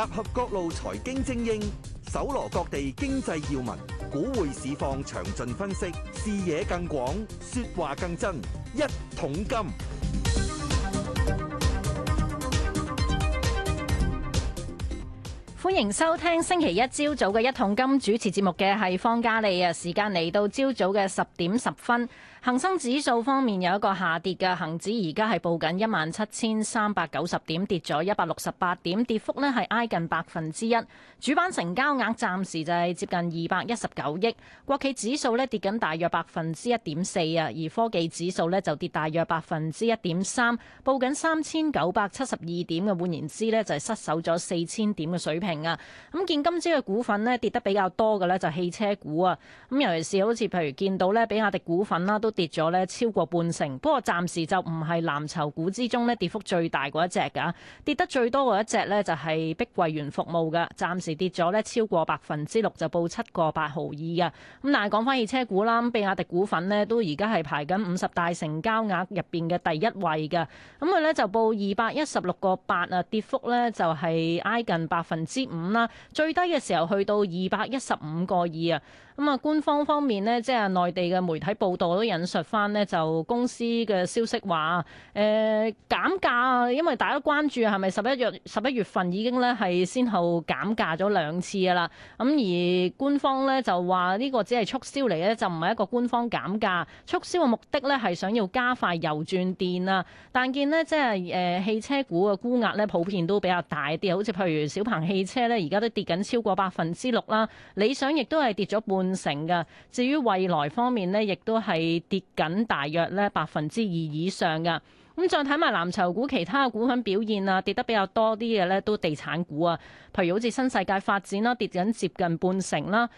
集合各路財經精英，搜羅各地經濟要聞，股匯市況詳盡分析，視野更廣，說話更真。一桶金，歡迎收聽星期一朝早嘅一桶金，主持節目嘅係方嘉莉啊，時間嚟到朝早嘅十點十分。恒生指數方面有一個下跌嘅，恒指而家係報緊一萬七千三百九十點，跌咗一百六十八點，跌幅咧係挨近百分之一。主板成交額暫時就係接近二百一十九億。國企指數咧跌緊大約百分之一點四啊，而科技指數咧就跌大約百分之一點三，報緊三千九百七十二點嘅，換言之咧就係、是、失守咗四千點嘅水平啊。咁見今朝嘅股份咧跌得比較多嘅咧就汽車股啊，咁尤其是好似譬如見到咧比亞迪股份啦、啊、都。跌咗咧超過半成，不過暫時就唔係藍籌股之中咧跌幅最大嗰一隻噶，跌得最多嗰一隻呢，就係碧桂園服務嘅，暫時跌咗咧超過百分之六，就報七個八毫二嘅。咁但係講翻汽車股啦，咁比亞迪股份咧都而家係排緊五十大成交額入邊嘅第一位嘅，咁佢咧就報二百一十六個八啊，跌幅呢就係挨近百分之五啦，最低嘅時候去到二百一十五個二啊。咁啊，官方方面咧，即係內地嘅媒體報道都引述翻咧，就公司嘅消息話，誒減價，因為大家都關注係咪十一月十一月份已經咧係先後減價咗兩次噶啦。咁而官方咧就話呢、這個只係促銷嚟嘅，就唔係一個官方減價。促銷嘅目的咧係想要加快油轉電啊。但見咧即係誒、呃、汽車股嘅沽壓咧普遍都比較大啲，好似譬如小鵬汽車咧而家都跌緊超過百分之六啦，理想亦都係跌咗半。成嘅，至於未來方面咧，亦都係跌緊大約咧百分之二以上嘅。咁再睇埋藍籌股，其他嘅股份表現啊，跌得比較多啲嘅咧，都地產股啊，譬如好似新世界發展啦，跌緊接近半成啦，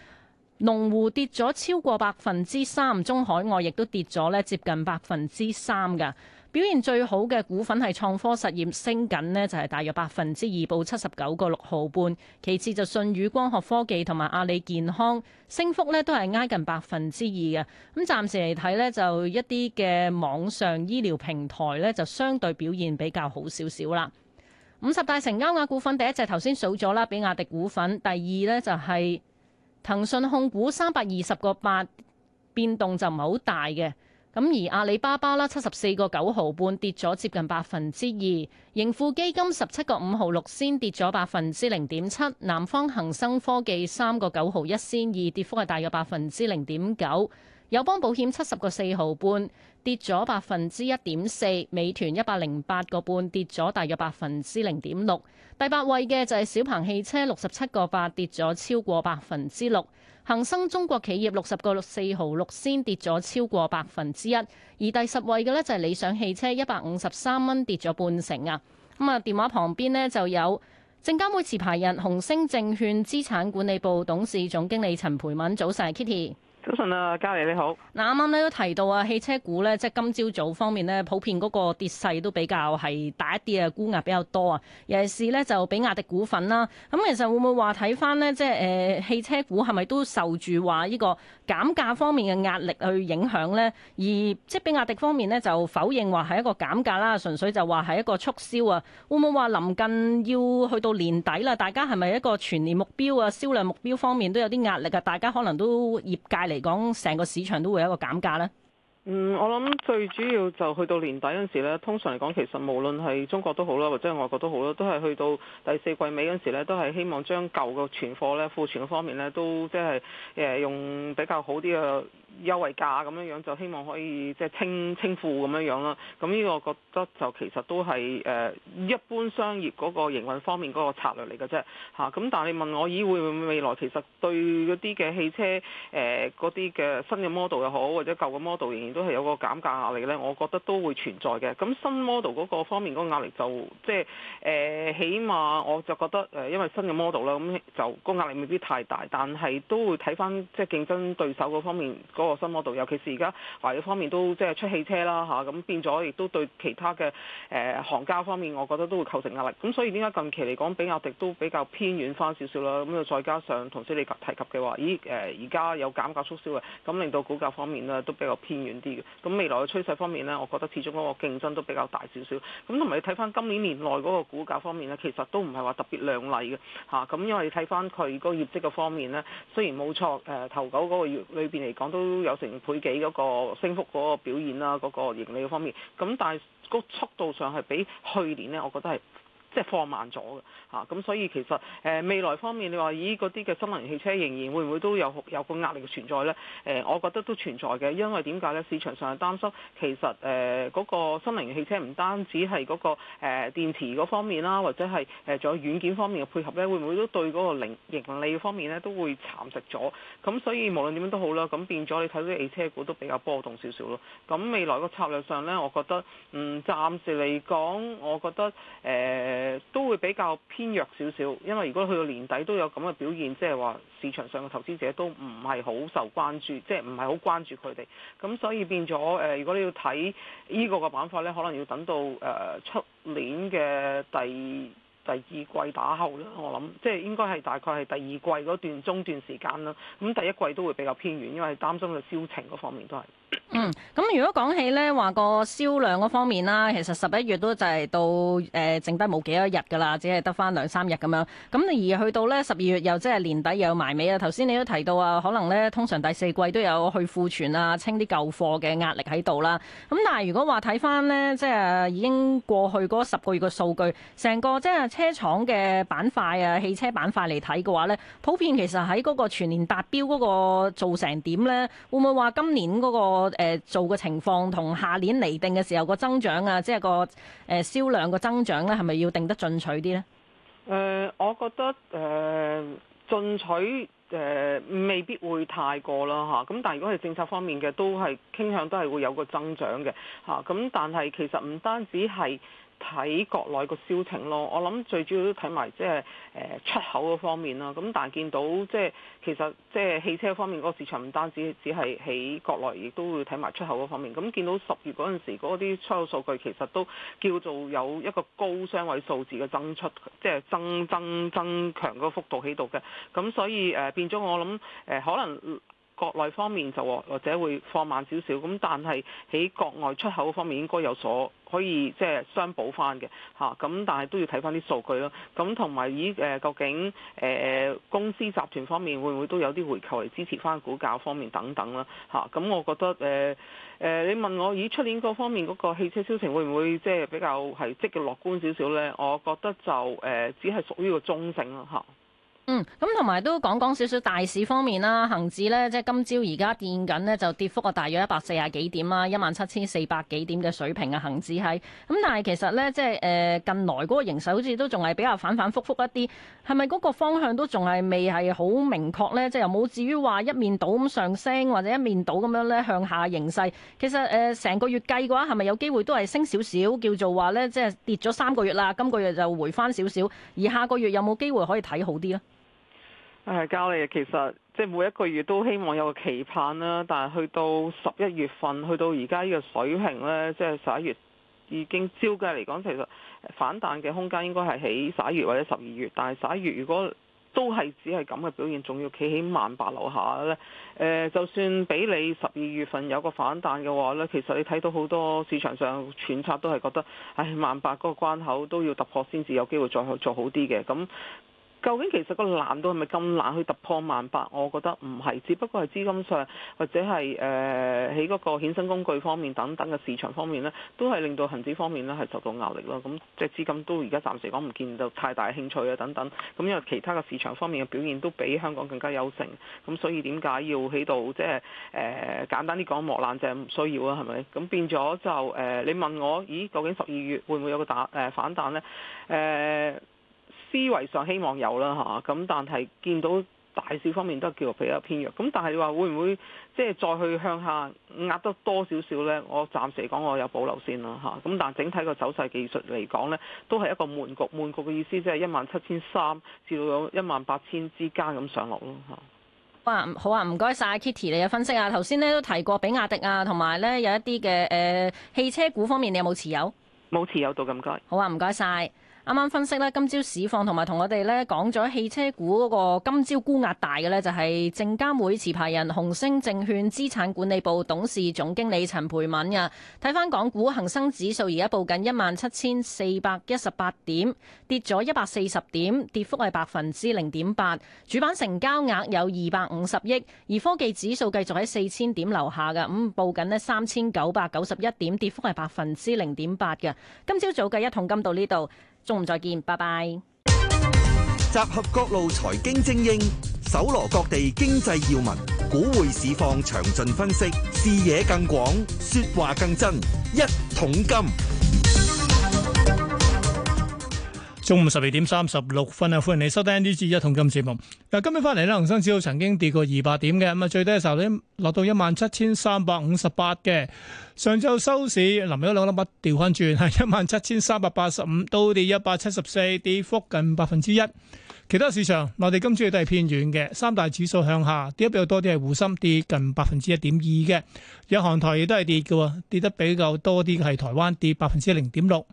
龍湖跌咗超過百分之三，中海外亦都跌咗咧接近百分之三嘅。表現最好嘅股份係創科實驗升，升緊呢就係、是、大約百分之二，報七十九個六毫半。其次就信宇光學科技同埋阿里健康，升幅呢都係挨近百分之二嘅。咁、嗯、暫時嚟睇呢，就一啲嘅網上醫療平台呢，就相對表現比較好少少啦。五十大成交額股份第一隻頭先數咗啦，比亞迪股份。第二呢，就係、是、騰訊控股三百二十個八，變動就唔係好大嘅。咁而阿里巴巴啦，七十四個九毫半跌咗接近百分之二；盈富基金十七個五毫六仙跌咗百分之零點七；南方恒生科技三個九毫一仙二，跌幅係大約百分之零點九；友邦保險七十個四毫半跌咗百分之一點四；美團一百零八個半跌咗大約百分之零點六；第八位嘅就係小鵬汽車六十七個八跌咗超過百分之六。恒生中國企業六十個六四毫六先跌咗超過百分之一，而第十位嘅咧就係理想汽車一百五十三蚊跌咗半成啊！咁啊，電話旁邊呢就有證監會持牌人、紅星證券資產管理部董事總經理陳蓓敏，早晨，Kitty。早晨啊，嘉麗你好。嗱，啱啱咧都提到啊，汽車股咧，即係今朝早，早方面咧，普遍嗰個跌勢都比較係大一啲啊，沽壓比較多啊。尤其是咧就比亞迪股份啦。咁其實會唔會話睇翻咧，即係誒、呃、汽車股係咪都受住話呢個？減價方面嘅壓力去影響呢？而即比亞迪方面呢，就否認話係一個減價啦，純粹就話係一個促銷啊。會唔會話臨近要去到年底啦？大家係咪一個全年目標啊？銷量目標方面都有啲壓力啊！大家可能都業界嚟講，成個市場都會有一個減價呢。嗯，我諗最主要就去到年底嗰時呢，通常嚟講，其實無論係中國都好啦，或者係外國都好啦，都係去到第四季尾嗰時呢，都係希望將舊嘅存貨呢，庫存方面呢，都即係誒用比較好啲嘅。優惠價咁樣樣就希望可以即係、就是、清清庫咁樣樣啦。咁呢個我覺得就其實都係誒、呃、一般商業嗰個營運方面嗰個策略嚟嘅啫。嚇、啊、咁，但係你問我咦會唔會未來其實對嗰啲嘅汽車誒嗰啲嘅新嘅 model 又好或者舊嘅 model 仍然都係有個減價壓力咧？我覺得都會存在嘅。咁新 model 嗰個方面嗰個壓力就即係誒，起碼我就覺得誒、呃，因為新嘅 model 啦，咁就個壓力未必太大，但係都會睇翻即係競爭對手嗰方面。嗰心度，尤其是而家華爾方面都即係出汽車啦嚇，咁、啊、變咗亦都對其他嘅誒行家方面，我覺得都會構成壓力。咁所以點解近期嚟講，比亞迪都比較偏遠翻少少啦。咁又再加上，頭先你提及嘅話，咦誒而家有減價促銷嘅，咁令到股價方面呢都比較偏遠啲嘅。咁未來嘅趨勢方面呢，我覺得始終嗰個競爭都比較大少少。咁同埋你睇翻今年年內嗰個股價方面呢，其實都唔係話特別亮麗嘅嚇。咁、啊、因為你睇翻佢個業績嘅方面呢，雖然冇錯誒，頭九嗰個月裏邊嚟講都都有成倍幾嗰個升幅嗰個表現啦、啊，嗰、嗰個盈利嘅方面，咁但係個速度上係比去年咧，我覺得係。即係放慢咗嘅嚇，咁、啊、所以其實誒、呃、未來方面，你話咦嗰啲嘅新能源汽車仍然會唔會都有有個壓力嘅存在呢？誒、呃，我覺得都存在嘅，因為點解呢？市場上係擔心其實誒嗰、呃那個新能源汽車唔單止係嗰、那個誒、呃、電池嗰方面啦，或者係仲有軟件方面嘅配合呢，會唔會都對嗰個盈利方面呢都會蠶食咗？咁所以無論點樣都好啦，咁變咗你睇到啲汽車股都比較波動少少咯。咁未來個策略上呢，我覺得嗯暫時嚟講，我覺得誒。呃呃都會比較偏弱少少，因為如果去到年底都有咁嘅表現，即係話市場上嘅投資者都唔係好受關注，即係唔係好關注佢哋。咁所以變咗誒、呃，如果你要睇呢個嘅板塊呢，可能要等到誒出、呃、年嘅第二第二季打後啦。我諗即係應該係大概係第二季嗰段中段時間啦。咁第一季都會比較偏遠，因為擔心佢銷情嗰方面都係。嗯，咁如果講起咧話個銷量嗰方面啦，其實十一月都就係到誒、呃、剩低冇幾多日㗎啦，只係得翻兩三日咁樣。咁而去到咧十二月又即係年底又埋尾啊！頭先你都提到啊，可能咧通常第四季都有去庫存啊、清啲舊貨嘅壓力喺度啦。咁但係如果話睇翻咧，即係已經過去嗰十個月嘅數據，成個即係車廠嘅板塊啊、汽車板塊嚟睇嘅話咧，普遍其實喺嗰個全年達標嗰個做成點咧，會唔會話今年嗰個？個誒做嘅情況同下年嚟定嘅時候個增長啊，即係個誒銷量個增長咧，係咪要定得進取啲呢？誒、呃，我覺得誒進取誒、呃、未必會太過啦吓。咁但係如果係政策方面嘅，都係傾向都係會有個增長嘅吓。咁但係其實唔單止係。睇國內個銷情咯，我諗最主要都睇埋即係誒出口嗰方面啦。咁但係見到即係其實即係汽車方面嗰個市場唔單止只係喺國內，亦都會睇埋出口嗰方面。咁見到十月嗰陣時嗰啲出口數據其實都叫做有一個高雙位數字嘅增出，即係增增增強嗰個幅度喺度嘅。咁所以誒變咗我諗誒可能。國內方面就或者會放慢少少，咁但係喺國外出口方面應該有所可以即係相補翻嘅，嚇、啊、咁但係都要睇翻啲數據咯。咁同埋以誒、呃、究竟誒、呃、公司集團方面會唔會都有啲回購嚟支持翻股價方面等等啦，嚇、啊、咁、啊、我覺得誒誒、呃、你問我以出年嗰方面嗰個汽車銷情會唔會即係比較係積極樂觀少少咧？我覺得就誒、呃、只係屬於個中性咯，嚇、啊。嗯，咁同埋都講講少少大市方面啦。恒指呢，即係今朝而家跌緊呢，就跌幅啊，大約一百四十幾點啦，一萬七千四百幾點嘅水平啊。恒指係咁，但係其實呢，即係誒近來嗰個形勢好似都仲係比較反反覆覆一啲，係咪嗰個方向都仲係未係好明確呢？即係又冇至於話一面倒咁上升，或者一面倒咁樣咧向下形勢。其實誒成、呃、個月計嘅話，係咪有機會都係升少少叫做話呢，即係跌咗三個月啦，今個月就回翻少少，而下個月有冇機會可以睇好啲呢？係，你利其實即係每一個月都希望有個期盼啦。但係去到十一月份，去到而家呢個水平呢，即係十一月已經照計嚟講，其實反彈嘅空間應該係喺十一月或者十二月。但係十一月如果都係只係咁嘅表現，仲要企喺萬八樓下呢。誒，就算俾你十二月份有個反彈嘅話呢，其實你睇到好多市場上揣測都係覺得，係萬八嗰個關口都要突破先至有機會再做好啲嘅。咁究竟其實個難度係咪咁難去突破萬八？我覺得唔係，只不過係資金上或者係誒喺嗰個衍生工具方面等等嘅市場方面呢，都係令到恒指方面呢係受到壓力咯。咁即係資金都而家暫時講唔見到太大興趣啊等等。咁因為其他嘅市場方面嘅表現都比香港更加優勝，咁所以點解要喺度即係誒簡單啲講磨爛蓆，唔需要啊？係咪？咁變咗就誒、呃，你問我咦究竟十二月會唔會有個打誒、呃、反彈呢？誒、呃。思維上希望有啦嚇，咁但係見到大市方面都叫比較偏弱。咁但係你話會唔會即係再去向下壓得多少少咧？我暫時講我有保留先啦嚇。咁但整體個走勢技術嚟講咧，都係一個悶局。悶局嘅意思即係一萬七千三至到一萬八千之間咁上落咯嚇。好啊，好啊，唔該晒，Kitty 你嘅分析啊。頭先咧都提過比亞迪啊，同埋咧有一啲嘅誒汽車股方面，你有冇持有？冇持有到，咁該。好啊，唔該晒。啱啱分析呢，今朝市況同埋同我哋呢講咗汽車股嗰個今朝沽壓大嘅呢，就係證監會持牌人紅星證券資產管理部董事總經理陳蓓敏嘅。睇翻港股恒生指數而家報緊一萬七千四百一十八點，跌咗一百四十點，跌幅係百分之零點八。主板成交額有二百五十億，而科技指數繼續喺四千點樓下嘅，咁報緊呢，三千九百九十一點，跌幅係百分之零點八嘅。今朝早嘅一桶金到呢度。中午再見，拜拜！集合各路財經精英，搜羅各地經濟要聞，股匯市況詳盡分析，視野更廣，說話更真，一桶金。中午十二點三十六分啊！歡迎你收聽呢次一桶金節目。嗱，今日翻嚟咧，恒生指數曾經跌過二百點嘅，咁啊最低嘅時候咧落到一萬七千三百五十八嘅。上晝收市，臨尾嗰兩粒筆調翻轉，係一萬七千三百八十五，都跌一百七十四，跌幅近百分之一。其他市場，內地今朝亦都係偏軟嘅，三大指數向下，跌得比較多啲係滬深跌近百分之一點二嘅。日韓台亦都係跌嘅，跌得比較多啲嘅係台灣跌百分之零點六。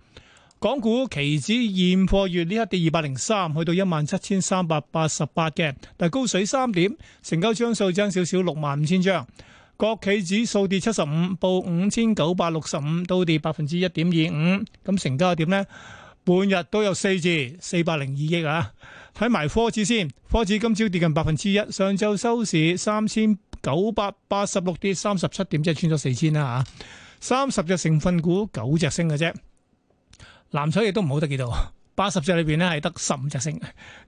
港股期指現貨月呢刻跌二百零三，去到一萬七千三百八十八嘅，但係高水三點，成交張數增少少六萬五千張。國企指數跌七十五，報五千九百六十五，到跌百分之一點二五。咁成交係點呢？半日都有四字，四百零二億啊！睇埋科指先，科指今朝跌近百分之一，上晝收市三千九百八十六跌三十七點，即係穿咗四千啦吓。三十隻成分股，九隻升嘅啫。藍籌亦都唔好得幾多，八十隻裏邊咧係得十五隻升。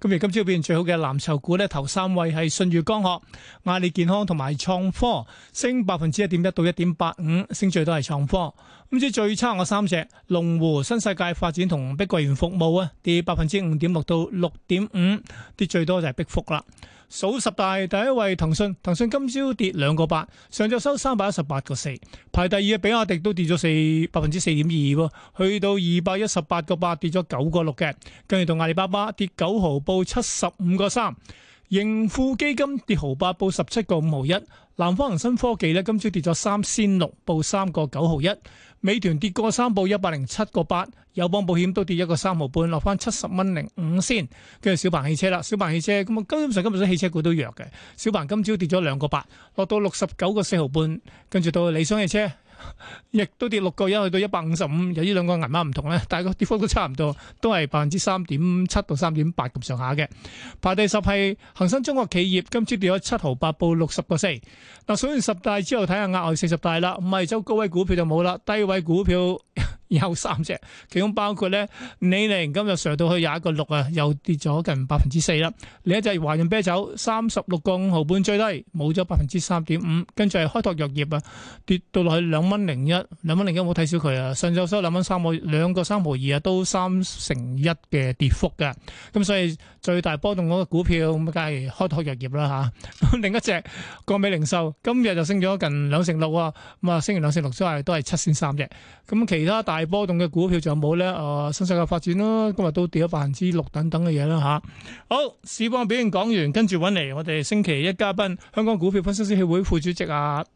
咁而今朝表現最好嘅藍籌股咧，頭三位係舜宇光學、亞利健康同埋創科，升百分之一點一到一點八五，升最多係創科。咁知最差我三隻，龍湖、新世界發展同碧桂園服務啊，跌百分之五點六到六點五，跌最多就係碧服啦。數十大第一位騰訊，騰訊，騰訊今朝跌兩個八，上晝收三百一十八個四，排第二嘅比亞迪都跌咗四，百分之四點二，去到二百一十八個八，跌咗九個六嘅，跟住到阿里巴巴跌九毫，報七十五個三，盈富基金跌毫八，報十七個五毫一。南方恒生科技咧，今朝跌咗三仙六，報三個九毫一。美團跌過三，報一百零七個八。友邦保險都跌一個三毫半，落返七十蚊零五仙。跟住小鵬汽車啦，小鵬汽車咁啊，基本上汽車股都弱嘅。小鵬今朝跌咗兩個八，落到六十九個四毫半。跟住到理想汽車。亦都跌六個一去到一百五十五，有呢兩個銀碼唔同咧，但係個跌幅都差唔多，都係百分之三點七到三點八咁上下嘅。排第十係恒生中國企業，今次跌咗七毫八，報六十個四。嗱，數完十大之後，睇下額外四十大啦。唔係走高位股票就冇啦，低位股票。有三隻，其中包括咧，李寧今日上到去廿一個六啊，又跌咗近百分之四啦。另一隻華潤啤酒三十六個五毫半最低，冇咗百分之三點五。跟住係開拓藥業啊，跌到落去兩蚊零一，兩蚊零一冇睇少佢啊。上晝收兩蚊三毫，兩個三毫二啊，都三成一嘅跌幅㗎。咁所以最大波動嗰個股票咁，梗係開拓藥業啦嚇。另一隻國美零售今日就升咗近兩成六啊，咁啊升完兩成六之後都係七先三隻。咁其他大波動嘅股票仲有冇咧？啊、呃，新世界發展啦，今日都跌咗百分之六等等嘅嘢啦吓。好，市況表現講完，跟住揾嚟我哋星期一嘉賓，香港股票分析師協會副主席阿、啊、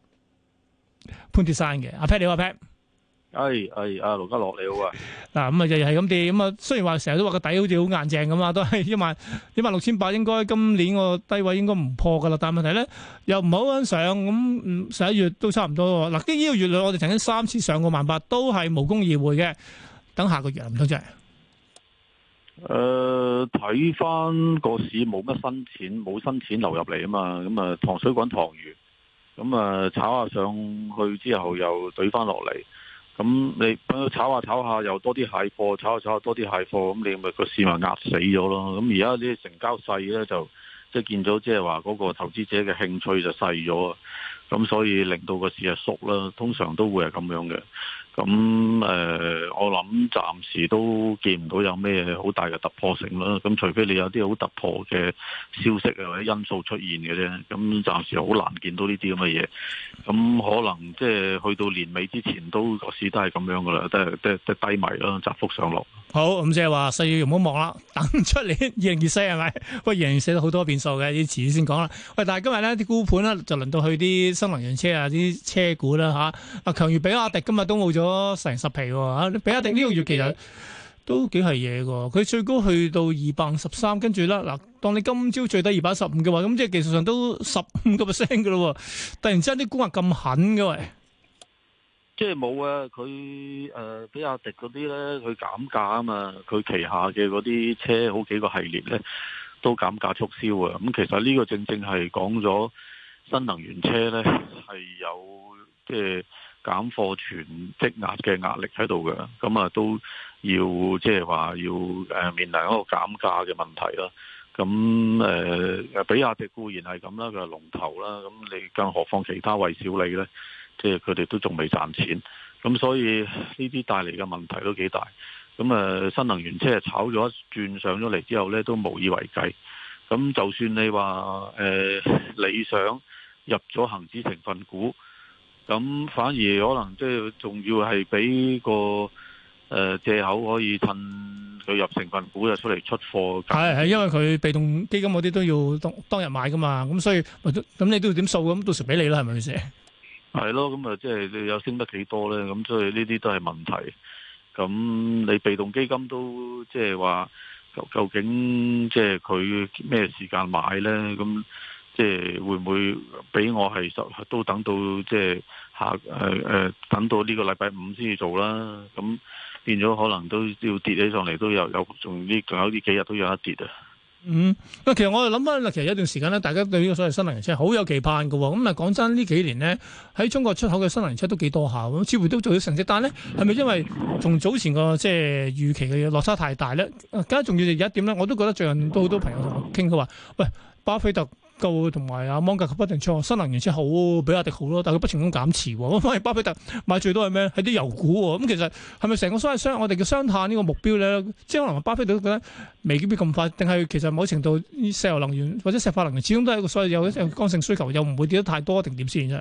潘鐵珊嘅阿 Pat，你好阿、啊、Pat。係係阿盧家樂你好啊，嗱咁 啊就係咁跌。咁啊，雖然話成日都話個底好似好硬淨咁啊，都係一萬一萬六千八，68, 應該今年個低位應該唔破噶啦。但係問題咧又唔好咁上咁十一月都差唔多啦。嗱、啊，呢、經、呢個月嚟我哋曾經三次上過萬八，都係無功而回嘅。等下個月，唔多真誒，睇翻、呃、個市冇乜新錢，冇新錢流入嚟啊嘛，咁啊糖水滾糖魚，咁啊炒下上去之後又懟翻落嚟。咁、嗯、你炒下炒下又多啲蟹貨，炒下炒下多啲蟹貨，咁、嗯、你咪個市咪壓死咗咯？咁而家啲成交細呢，就即係見到，即係話嗰個投資者嘅興趣就細咗，咁、嗯、所以令到個市係縮啦。通常都會係咁樣嘅。咁誒、呃，我諗暫時都見唔到有咩好大嘅突破性啦。咁除非你有啲好突破嘅消息啊，或者因素出現嘅啫。咁暫時好難見到呢啲咁嘅嘢。咁可能即係去到年尾之前都，都個市都係咁樣噶啦，都係都都低迷咯，窄幅上落。好，咁即係話細雨，唔好望啦。等出年二零二四係咪？喂，二零二四都好多變數嘅，要遲啲先講啦。喂，但係今日咧啲沽盤咧就輪到去啲新能源車啊，啲車股啦嚇。啊，強如比亞迪今日都冇咗。成十皮喎，啊，你比亞迪呢個月其實都幾係嘢噶，佢最高去到二百十三，跟住啦。嗱，當你今朝最低二百十五嘅話，咁即係技術上都十五個 percent 噶咯，突然之間啲股價咁狠嘅，即係冇啊，佢誒、呃、比亞迪嗰啲咧，佢減價啊嘛，佢旗下嘅嗰啲車好幾個系列咧都減價促銷啊，咁、嗯、其實呢個正正係講咗新能源車咧係有即係。減貨存積壓嘅壓力喺度嘅，咁啊都要即係話要誒面臨一個減價嘅問題啦。咁誒、呃，比亞迪固然係咁啦，佢係龍頭啦。咁你更何況其他蔚小理呢？即係佢哋都仲未賺錢。咁所以呢啲帶嚟嘅問題都幾大。咁啊、呃，新能源車炒咗轉上咗嚟之後呢，都無以為繼。咁就算你話誒、呃、理想入咗恆指成分股。咁反而可能即係仲要係俾個誒、呃、借口可以趁佢入成分股就出嚟出貨。係係，因為佢被動基金嗰啲都要當當日買噶嘛，咁所以咁你都要點數，咁到時俾你啦，係咪先？係咯、嗯，咁啊，即、嗯、係、就是、你有升得幾多咧？咁所以呢啲都係問題。咁你被動基金都即係話，究竟即係佢咩時間買咧？咁。即係會唔會俾我係都等到即係下誒誒，等到呢個禮拜五先至做啦？咁變咗可能都要跌起上嚟，都有有仲有呢幾日都有一跌啊。嗯，咁其實我哋諗翻，其實有一段時間咧，大家對呢個所謂新能源車好有期盼嘅喎。咁、嗯、啊，講真呢幾年呢，喺中國出口嘅新能源車都幾多下咁，似乎都做咗成績單咧。係咪因為從早前個即係預期嘅落差太大咧？更加重要有一點咧，我都覺得最近都好多朋友同我傾佢話，喂巴菲特。同埋阿芒格不停錯，新能源車好比亞迪好咯，但佢不停咁減持喎。反而巴菲特買最多係咩？係啲油股喎。咁其實係咪成個所謂雙碳我哋嘅雙碳呢個目標咧？即係可能巴菲特都覺得未必咁快，定係其實某程度石油能源或者石化能源始終都係一個所謂有有剛性需求，又唔會跌得太多定點先真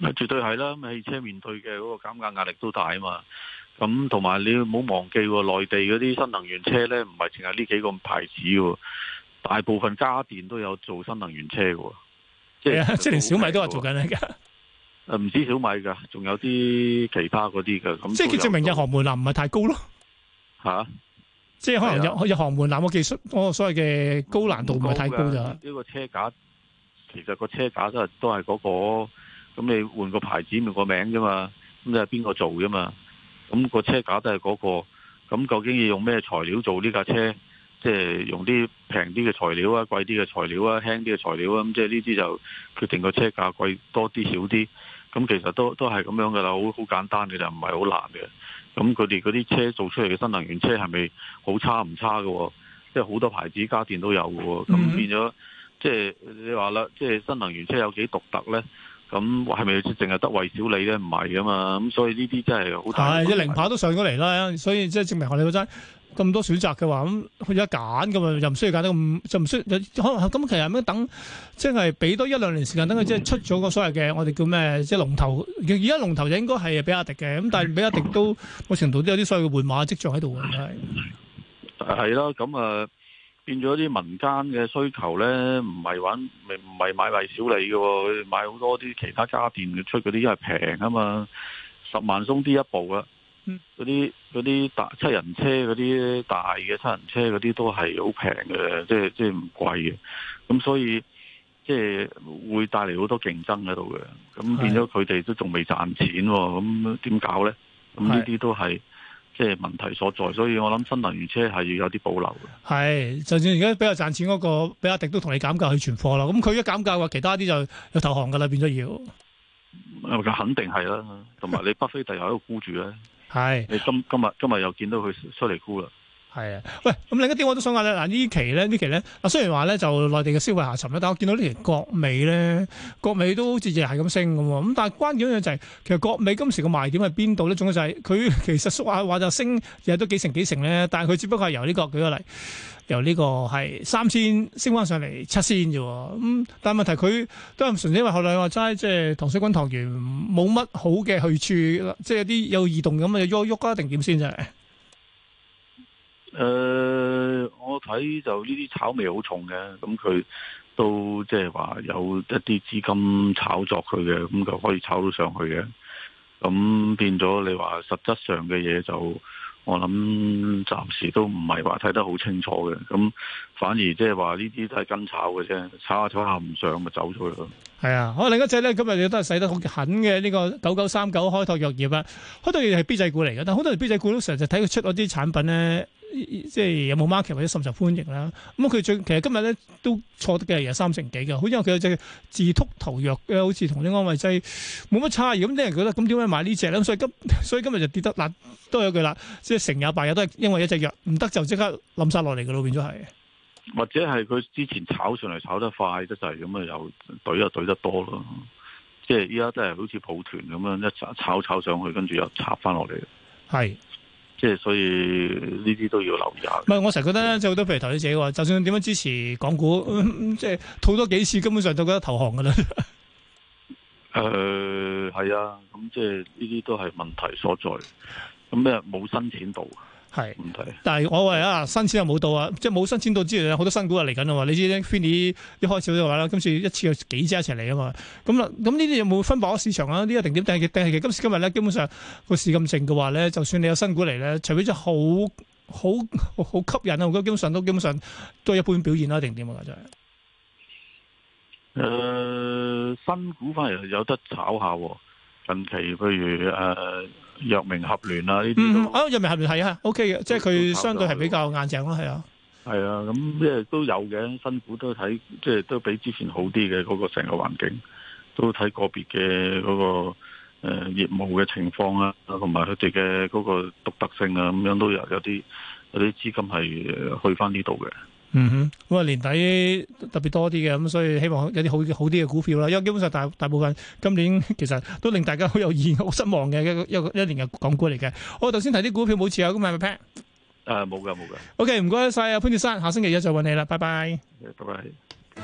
係，絕對係啦。汽車面對嘅嗰個減價壓力都大啊嘛。咁同埋你唔好忘記，哦，內地嗰啲新能源車咧，唔係淨係呢幾個牌子喎。大部分家電都有做新能源車嘅，即係 即係連小米都係做緊嚟噶。誒、啊，唔止小米噶，仲有啲其他嗰啲噶。咁即係證明呢行門檻唔係太高咯。吓、啊？即係可能呢呢行門檻個技術，嗰個、啊、所謂嘅高難度唔係太高咋。呢、這個車架其實個車架都係都係嗰個，咁你換個牌子換個名啫嘛，咁你係邊個做啫嘛。咁個車架都係嗰、那個，咁究竟要用咩材料做呢架車？即係用啲平啲嘅材料啊，貴啲嘅材料啊，輕啲嘅材料啊，咁即係呢啲就決定個車價貴多啲少啲。咁其實都都係咁樣噶啦，好好簡單嘅，就唔係好難嘅。咁佢哋嗰啲車做出嚟嘅新能源車係咪好差唔差嘅？即係好多牌子家電都有嘅喎，咁、嗯、變咗即係你話啦，即係新能源車有幾獨特呢？咁係咪淨係得蔚小理咧？唔係噶嘛。咁所以呢啲真係好大。係，啲零跑都上咗嚟啦，所以即係證明我哋真係咁多選擇嘅話，咁佢有得揀噶嘛，又唔需要揀得咁，就唔需要，可能咁其實係咩等，即係俾多一兩年時間等佢即係出咗個所謂嘅我哋叫咩，即係龍頭。而家龍頭就應該係比亞迪嘅，咁但係比亞迪都某程度都有啲所謂嘅換馬嘅跡象喺度，係。係咯，咁、嗯、啊。變咗啲民間嘅需求咧，唔係玩，唔係買賣小利嘅、哦，買好多啲其他家電出嗰啲，因為平啊嘛，十萬鬆啲一部啊，嗰啲嗰啲大七人車嗰啲大嘅七人車嗰啲都係好平嘅，即係即係唔貴嘅，咁所以即係會帶嚟好多競爭喺度嘅，咁變咗佢哋都仲未賺錢喎、哦，咁點搞咧？咁呢啲都係。即係問題所在，所以我諗新能源車係要有啲保留嘅。係，就算而家比較賺錢嗰個，比亞迪都同你減價去存貨啦。咁佢一減價話，其他啲就有投降㗎啦，變咗要。咁肯定係啦，同埋你北非迪又喺度沽住咧。係。 你今今日今日又見到佢出嚟沽啦。係啊，喂，咁另一啲我都想啊，咧嗱呢期咧呢期咧，嗱雖然話咧就內地嘅消費下沉啦，但我見到呢期國美咧，國美都好似日係咁升嘅喎，咁、嗯、但係關鍵一樣就係、是，其實國美今時個賣點喺邊度咧？總之就係、是、佢其實縮下話就升，日都幾成幾成咧，但係佢只不過係由呢、這個舉個例，由呢個係三千升翻上嚟七千啫喎，咁、嗯、但係問題佢都係純粹因為後來話齋，即、就、係、是、塘水滾塘魚冇乜好嘅去處啦，即係啲有異動咁啊喐喐啊定點先啫。誒、呃，我睇就呢啲炒味好重嘅，咁、嗯、佢都即係話有一啲資金炒作佢嘅，咁、嗯、就可以炒到上去嘅。咁、嗯、變咗你話實質上嘅嘢就，我諗暫時都唔係話睇得好清楚嘅。咁、嗯、反而即係話呢啲都係跟炒嘅啫，炒下炒下唔上咪走咗咯。係啊，好，另一隻咧今日亦都係使得好狠嘅呢、這個九九三九開拓藥業啊，好多嘢係 B 仔股嚟嘅，但好多人 B 仔股都成日睇佢出嗰啲產品咧。即係有冇 market 或者甚受歡迎啦？咁、嗯、佢最其實今日咧都錯得嘅，有三成幾嘅。好，因為佢有隻自禿頭藥，好似同啲安慰劑冇乜差異。咁啲人覺得咁點解買呢隻咧？所以今所以今日就跌得嗱，都有句啦，即係成也敗也都係因為一隻藥唔得就即刻冧晒落嚟嘅咯，變都係。或者係佢之前炒上嚟炒得快得滯，咁啊又懟又懟得多咯。即係依家真係好似抱團咁樣一炒炒炒上去，跟住又插翻落嚟。係。即係所以呢啲都要留意下。唔係我成日覺得，即係好多譬如投資者嘅話，就算點樣支持港股，嗯、即係套多幾次，根本上就覺得投降噶啦。誒 、呃，係啊，咁即係呢啲都係問題所在。咁咩？冇申請到。係，但係我話啊，新錢又冇到啊，即係冇新錢到之嚟，好多新股又嚟緊啊，你知咧，Fini 一開始都話啦，今次一次有幾隻一齊嚟啊嘛。咁、嗯、啦，咁呢啲有冇分薄個市場啊？呢個定點定係定係今時今日咧，基本上個市咁靜嘅話咧，就算你有新股嚟咧，除非就好好好吸引啊，我覺得基本上都基本上都係一般表現啦，定點啊真係。誒、呃，新股反而有得炒下，啊。近期譬如誒藥、呃、明合聯啊呢啲，啊藥、嗯哦、明合聯係啊，O K 嘅，OK、即係佢相對係比較硬淨咯，係啊，係、嗯、啊，咁即係都有嘅，新股都睇，即係都比之前好啲嘅嗰個成個環境，都睇個別嘅嗰、嗰個誒、呃、業務嘅情況啊，同埋佢哋嘅嗰個獨特性啊，咁樣都有一啲有啲資金係去返呢度嘅。嗯哼，咁啊年底特別多啲嘅，咁所以希望有啲好好啲嘅股票啦，因為基本上大大部分今年其實都令大家好有意外、好失望嘅一個一個一年嘅港股嚟嘅。我頭先提啲股票冇持有啊，咁係咪 Pat？誒，冇嘅，冇嘅。OK，唔該晒啊，潘志山，下星期一再揾你啦，拜拜。拜拜。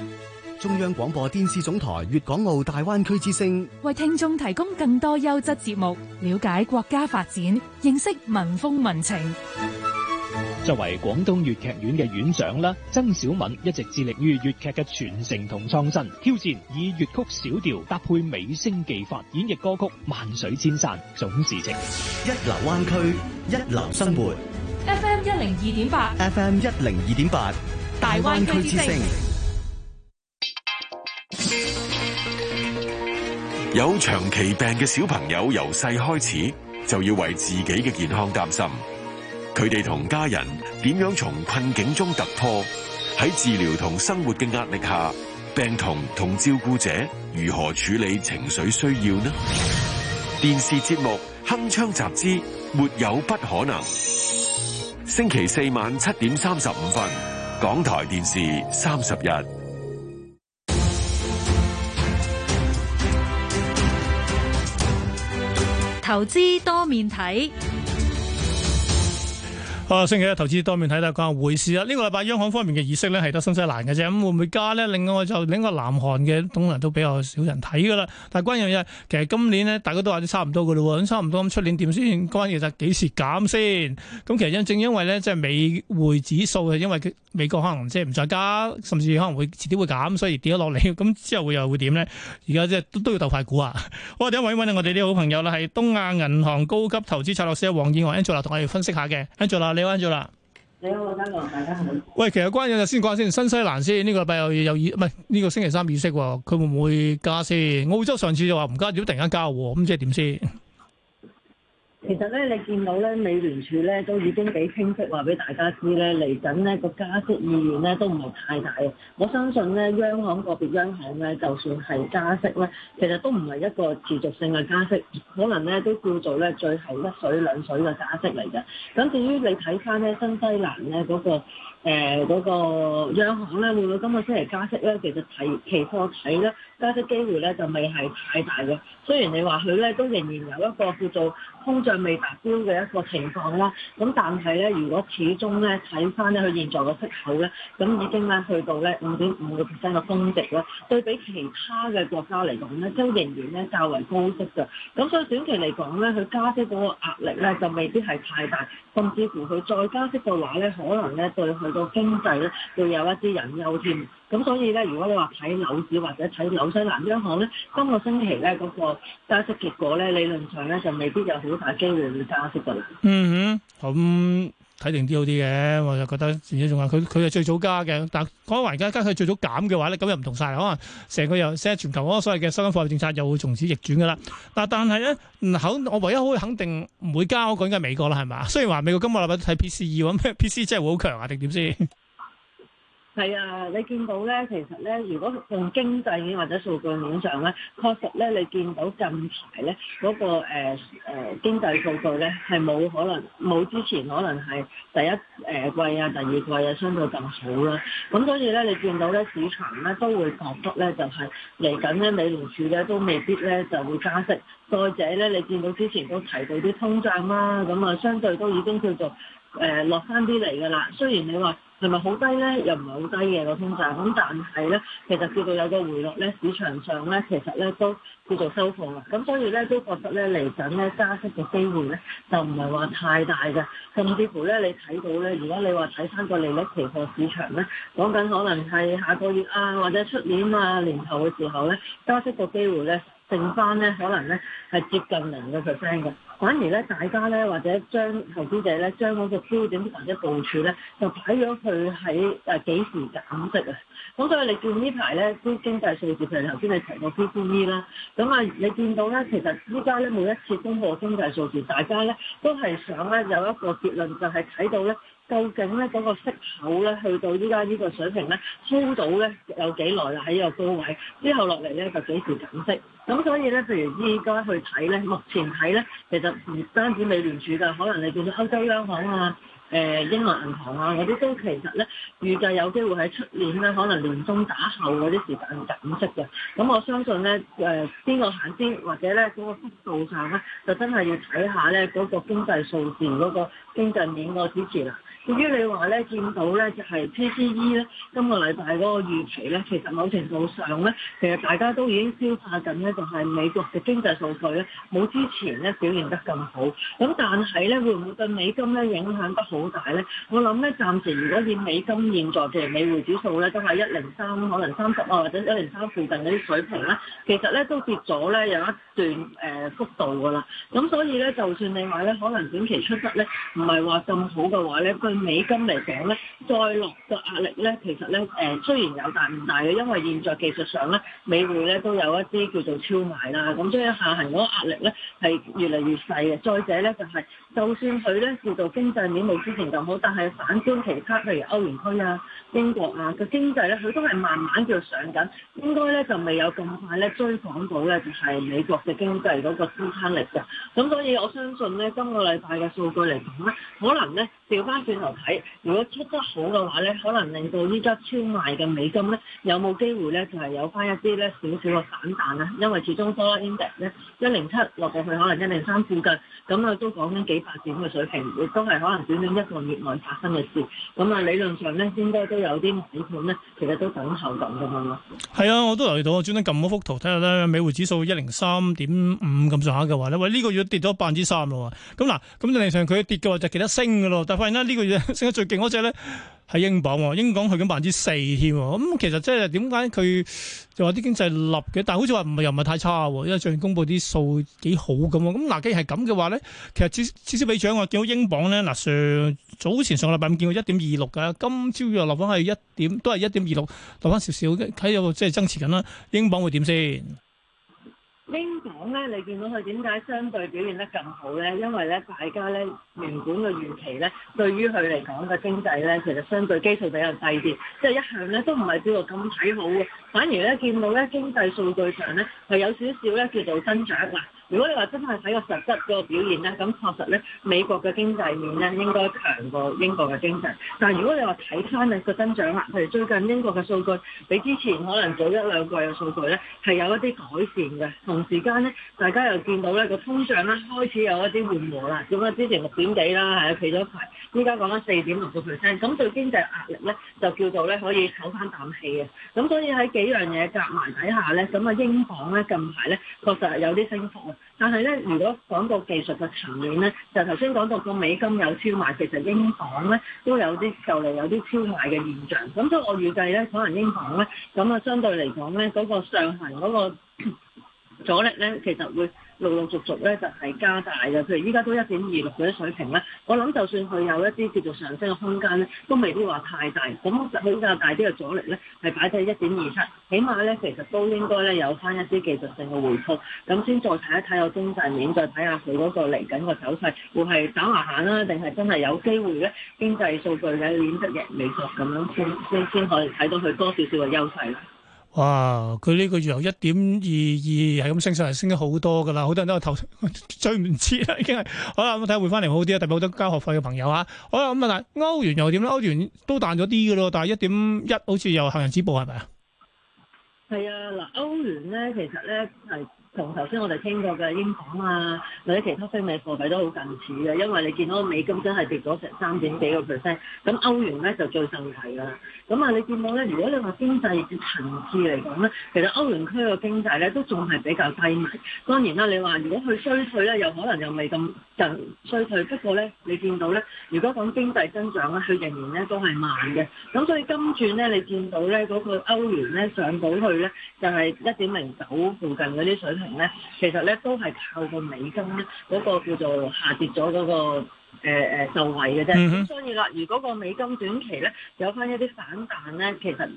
中央廣播電視總台粵港澳大灣區之聲，為聽眾提供更多優質節目，了解國家發展，認識民風民情。作為廣東粵劇院嘅院長啦，曾小敏一直致力於粵劇嘅傳承同創新。挑戰以粵曲小調搭配美聲技法演繹歌曲《萬水千山總是情》。一流灣區，一流生活。一流生活 FM 一零二點八，FM 一零二點八，大灣區之聲。之有長期病嘅小朋友，由細開始就要為自己嘅健康擔心。佢哋同家人點樣從困境中突破？喺治療同生活嘅壓力下，病童同照顧者如何處理情緒需要呢？電視節目《鏗鏘集》之《沒有不可能》。星期四晚七點三十五分，港台電視三十日。投資多面睇。啊、星期一投資多面睇睇，講下匯市啦。呢、這個禮拜央行方面嘅議息咧，係得新西蘭嘅啫，咁會唔會加咧？另外就另外南韓嘅東南都比較少人睇噶啦。但係關鍵嘅嘢，其實今年咧，大家都話都差唔多嘅咯喎，咁差唔多咁出年點先？關鍵就係幾時減先？咁其實因正因為咧，即係美匯指數啊，因為美國可能即係唔再加，甚至可能會遲啲會減，所以跌咗落嚟。咁、嗯、之後又會又會點咧？而家即係都，都要鬥快估啊！ 好啊，第一位揾到我哋啲好朋友啦，係東亞銀行高級投資策略師黃燕娥 Angela 同我哋分析下嘅 Angela 你溫咗啦？你好，大家好。喂，其實關鍵就先講先，新西蘭先呢、呢個禮拜又意，唔係呢個星期三意識喎、啊，佢會唔會加先？澳洲上次就話唔加，如果突然間加，咁、嗯、即係點先？其實咧，你見到咧，美聯儲咧都已經俾清晰話俾大家知咧，嚟緊呢個加息意願咧都唔係太大。我相信咧，央行個別央行咧，就算係加息咧，其實都唔係一個持續性嘅加息，可能咧都叫做咧最後一水兩水嘅加息嚟嘅。咁至於你睇翻咧新西蘭咧嗰個誒嗰個央行咧會唔會今個星期加息咧？其實睇期貨睇咧，加息機會咧就未係太大嘅。雖然你話佢咧都仍然有一個叫做通脹未達標嘅一個情況啦，咁但係咧，如果始終咧睇翻咧佢現在嘅息口咧，咁已經咧去到咧五點五個 percent 嘅峰值啦。對比其他嘅國家嚟講咧，都仍然咧較為高息嘅。咁所以短期嚟講咧，佢加息嗰個壓力咧就未必係太大，甚至乎佢再加息嘅話咧，可能咧對佢個經濟咧會有一啲隱憂添。咁所以咧，如果你話睇樓市或者睇紐西蘭央行咧，今個星期咧嗰個加息結果咧，理論上咧就未必有好大機會會加息嘅。嗯哼，咁、嗯、睇定啲好啲嘅，我就覺得而且仲話佢佢係最早加嘅，但講埋而家加佢最早減嘅話咧，咁又唔同晒。可能成個又成個全球嗰個所謂嘅收緊貨幣政策又會從此逆轉㗎啦。嗱，但係咧，肯我唯一可以肯定唔會加嗰個應該係美國啦，係嘛？雖然話美國今個禮拜都睇 P C E，咁 P C 真係會好強啊？定點先？係啊，你見到咧，其實咧，如果用經濟面或者數據面上咧，確實咧，你見到近排咧嗰個誒誒、呃呃、經濟數據咧係冇可能冇之前可能係第一誒季啊、第二季啊相對更好啦。咁所以咧，你見到咧市場咧都會覺得咧就係嚟緊咧，美聯儲咧都未必咧就會加息。再者咧，你見到之前都提到啲通脹啦，咁啊相對都已經叫做誒落翻啲嚟㗎啦。雖然你話，係咪好低咧？又唔係好低嘅個通脹咁，但係咧，其實叫做有個回落咧，市場上咧，其實咧都叫做收貨啦。咁所以咧，都覺得咧嚟緊咧加息嘅機會咧，就唔係話太大嘅。甚至乎咧，你睇到咧，如果你話睇翻個利率期貨市場咧，講緊可能係下個月啊，或者出年啊年頭嘅時候咧，加息嘅機會咧，剩翻咧可能咧係接近零嘅 percent 嘅。反而咧，大家咧，或者將投資者咧，將嗰個焦點或者部署咧，就擺咗佢喺誒幾時減息啊。咁所以你見呢排咧，啲經濟數字譬如頭先你提過 PCE 啦，咁啊，你見到咧，其實依家咧，每一次公布經濟數字，大家咧都係想咧有一個結論，就係睇到咧。究竟咧嗰、嗰個息口咧去到依家呢個水平咧，hold 到咧有幾耐啦？喺呢個高位之後落嚟咧，就幾時減息？咁所以咧，譬如依家去睇咧，目前睇咧，其實唔單止美聯儲㗎，可能你見到歐洲央、呃、行啊、誒英國銀行啊嗰啲都其實咧預計有機會喺出年咧，可能年中打後嗰啲時間減息嘅。咁我相信咧，誒、呃、邊個行先，或者咧嗰、嗰個速度上咧，就真係要睇下咧嗰、嗰個經濟數字、嗰、嗰個經濟面個支持啦。至於你話咧，見到咧就係、是、PCE 咧，今個禮拜嗰個預期咧，其實某程度上咧，其實大家都已經消化緊咧，就係、是、美國嘅經濟數據咧，冇之前咧表現得咁好。咁但係咧，會唔會對美金咧影響得好大咧？我諗咧，暫時如果以美金現在譬如美匯指數咧，都係一零三可能三十啊或者一零三附近嗰啲水平咧，其實咧都跌咗咧有一段誒、呃、幅度噶啦。咁所以咧，就算你話咧，可能短期出得咧唔係話咁好嘅話咧，美金嚟講咧，再落個壓力咧，其實咧誒雖然有，大唔大嘅，因為現在技術上咧，美匯咧都有一啲叫做超賣啦，咁所以下行嗰個壓力咧係越嚟越細嘅。再者咧就係、是，就算佢咧叫做經濟面冇之前咁好，但係反觀其他譬如歐元區啊、英國啊嘅經濟咧，佢都係慢慢叫上緊，應該咧就未有咁快咧追趕到咧，就係、是、美國嘅經濟嗰個支撐力嘅。咁所以我相信咧，今個禮拜嘅數據嚟講咧，可能咧。調翻轉頭睇，如果出得好嘅話咧，可能令到依家超賣嘅美金咧，有冇機會咧就係、是、有翻一啲咧少少嘅反彈啊？因為始終 Dollar Index 咧一零七落過去，可能一零三附近，咁啊都講緊幾百點嘅水平，亦都係可能短短一個月內發生嘅事。咁啊理論上咧應該都有啲買盤咧，其實都等候咁㗎嘛。係啊，我都留意到我專登撳幅圖睇下啦。看看美匯指數一零三點五咁上下嘅話咧，喂呢個月跌咗百分之三咯喎。咁嗱，咁理論上佢跌嘅話就記得升嘅咯。啦呢 個月升得最勁嗰隻咧係英鎊，英鎊去緊百分之四添，咁、嗯、其實即係點解佢就話、是、啲經濟立嘅，但係好似話唔係又唔係太差，因為最近公布啲數幾好咁。咁、嗯、嗱，既然係咁嘅話咧，其實至少先比我啊，見到英鎊咧，嗱、呃、上早前上個禮拜五見過一點二六噶，今朝又落翻係一點，都係一點二六，落翻少少，睇有即係增持緊啦，英鎊會點先？英國咧，你見到佢點解相對表現得更好咧？因為咧，大家咧原本嘅預期咧，對於佢嚟講嘅經濟咧，其實相對基數比較低啲，即係一向咧都唔係叫做咁睇好嘅，反而咧見到咧經濟數據上咧係有少少咧叫做增長啊。如果你話真係睇個實質嗰個表現咧，咁確實咧美國嘅經濟面咧應該強過英國嘅經濟。但係如果你話睇翻你個增長啦，譬如最近英國嘅數據比之前可能早一兩個月嘅數據咧係有一啲改善嘅。同時間咧，大家又見到咧個通脹咧開始有一啲緩和啦。咁啊，之前六點幾啦，係啊，企咗排，依家講緊四點六個 percent。咁對經濟壓力咧就叫做咧可以唞翻啖氣啊。咁所以喺幾樣嘢夾埋底下咧，咁啊英鎊咧近排咧確實係有啲升幅。但係咧，如果講到技術嘅層面咧，就頭先講到個美金有超賣，其實英鎊咧都有啲，就嚟有啲超賣嘅現象。咁所以我預計咧，可能英鎊咧，咁啊，相對嚟講咧，嗰個上行嗰個阻力咧，其實會。陸陸續續咧就係加大嘅，譬如依家都一點二六嗰啲水平啦，我諗就算佢有一啲接續上升嘅空間咧，都未必話太大。咁就比較大啲嘅阻力咧，係擺低一點二七。起碼咧，其實都應該咧有翻一啲技術性嘅回復，咁先再睇一睇個經濟面，再睇下佢嗰個嚟緊嘅走勢會係走下行啦，定係真係有機會咧經濟數據嘅暖得贏美國咁樣先先先可以睇到佢多少少嘅優勢啦。哇！佢呢個月由一點二二係咁升上嚟，升咗好多噶啦，好多人都投追唔切啦，已經係好啦。咁睇下換翻嚟好啲啊，特別好多交學費嘅朋友吓、啊。好啦，咁啊，但係歐元又點咧？歐元都彈咗啲噶咯，但係一點一好似又行人止步係咪啊？係啊，嗱，歐元咧其實咧係。同頭先我哋聽過嘅英鎊啊，或者其他非美貨幣都好近似嘅，因為你見到美金真係跌咗成三點幾個 percent，咁歐元咧就最受睇啦。咁啊，你見到咧，如果你話經濟層次嚟講咧，其實歐元區嘅經濟咧都仲係比較低迷。當然啦，你話如果佢衰退咧，又可能又未咁近衰退。不過咧，你見到咧，如果講經濟增長咧，佢仍然咧都係慢嘅。咁所以今轉咧，你見到咧嗰個歐元咧上到去咧，就係一點零九附近嗰啲水平。咧，其實咧都係靠個美金咧嗰、那個叫做下跌咗嗰、那個誒誒受惠嘅啫。咁、mm hmm. 所以啦，如果個美金短期咧有翻一啲反彈咧，其實。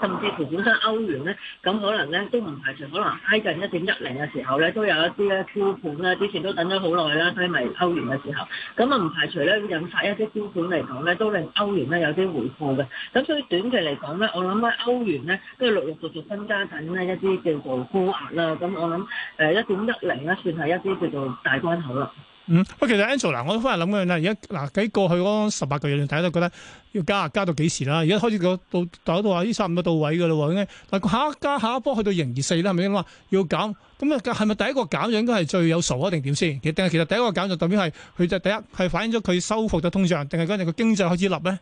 甚至乎本身歐元咧，咁可能咧都唔排除可能挨近一點一零嘅時候咧，都有一啲咧沽盤啦，之前都等咗好耐啦，所以咪歐元嘅時候，咁啊唔排除咧會引發一啲沽盤嚟講咧，都令歐元咧有啲回覆嘅。咁所以短期嚟講咧，我諗咧歐元咧，都係陸陸續續增加緊咧一啲叫做高壓啦。咁我諗誒一點一零咧，算係一啲叫做大關口啦。嗯，喂，其實 Angela，我都翻嚟諗嗰樣咧。而家嗱喺過去嗰十八個月，大家都覺得要加，加到幾時啦？而家開始個到，大家都話呢三五都到位噶啦。應該。咁咧，但係下一加下一波去到二零二四咧，咪啱話要減？咁啊，係咪第一個減就應該係最有數啊？定點先？其實定係其實第一個減就代表係佢就第一係反映咗佢收服咗通脹，定係嗰陣個經濟開始立咧？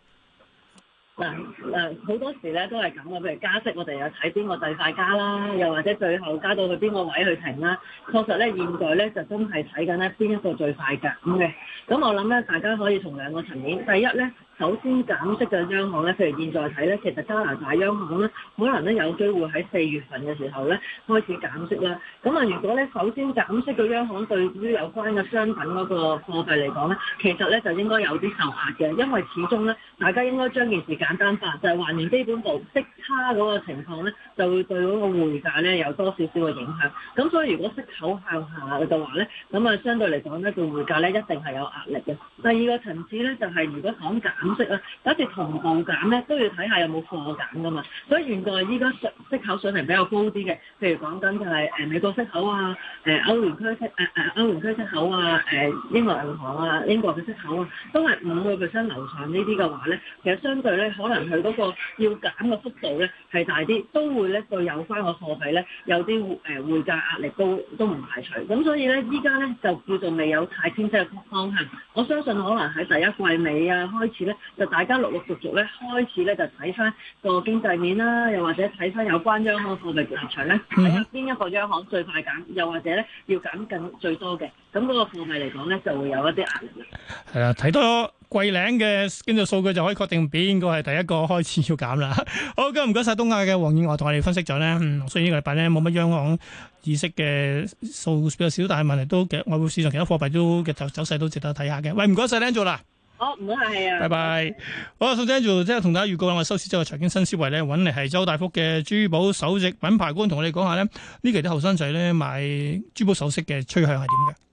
嗱嗱，好多時咧都係咁嘅，譬如加息，我哋又睇邊個最快加啦，又或者最後加到去邊個位去停啦。確實咧，現在咧就真係睇緊咧邊一個最快㗎咁嘅。咁我諗咧，大家可以從兩個層面，第一咧。首先減息嘅央行咧，譬如現在睇咧，其實加拿大央行咧，可能咧有機會喺四月份嘅時候咧開始減息啦。咁啊，如果咧首先減息嘅央行對於有關嘅商品嗰個貨幣嚟講咧，其實咧就應該有啲受壓嘅，因為始終咧大家應該將件事簡單化，就係、是、還原基本步息差嗰個情況咧，就會對嗰個匯價咧有多少少嘅影響。咁所以如果息口向下嘅話咧，咁啊相對嚟講咧，個匯價咧一定係有壓力嘅。第二個層次咧就係、是、如果想減款式啦，有一同步減咧，都要睇下有冇貨減噶嘛。所以原來現在依家息口水平比較高啲嘅，譬如講緊就係誒美國息口啊，誒歐元區息誒誒歐元區息口啊，誒英國銀行啊，英國嘅息口啊，都係五個 percent 樓上呢啲嘅話咧，其實相對咧，可能佢嗰個要減嘅幅度咧係大啲，都會咧對有關嘅貨幣咧有啲誒匯價壓力高都唔排除。咁所以咧，依家咧就叫做未有太清晰嘅方向。我相信可能喺第一季尾啊開始咧。就大家陸陸續續咧開始咧就睇翻個經濟面啦，又或者睇翻有關央行貨幣市場咧，係邊、嗯、哼一個央行最快減，又或者咧要減更最多嘅，咁、那、嗰個貨幣嚟講咧就會有一啲壓力嘅。係啊，睇多桂檯嘅經濟數據就可以確定邊個係第一個開始要減啦。 好，今日唔該晒東亞嘅黃燕娥同我哋分析咗咧、嗯，雖然呢個禮拜咧冇乜央行意識嘅數比較少，但係問題都外匯市場其他貨幣都嘅走走勢都值得睇下嘅。喂，唔該曬你做啦。好，唔好客氣啊，拜拜。 好啦，首先 Andrew，今日同大家預告啦，我哋收市之後財經新思維咧，揾嚟係周大福嘅珠寶首席品牌官同我哋講下咧，期呢期啲後生仔咧買珠寶首飾嘅趨向係點嘅。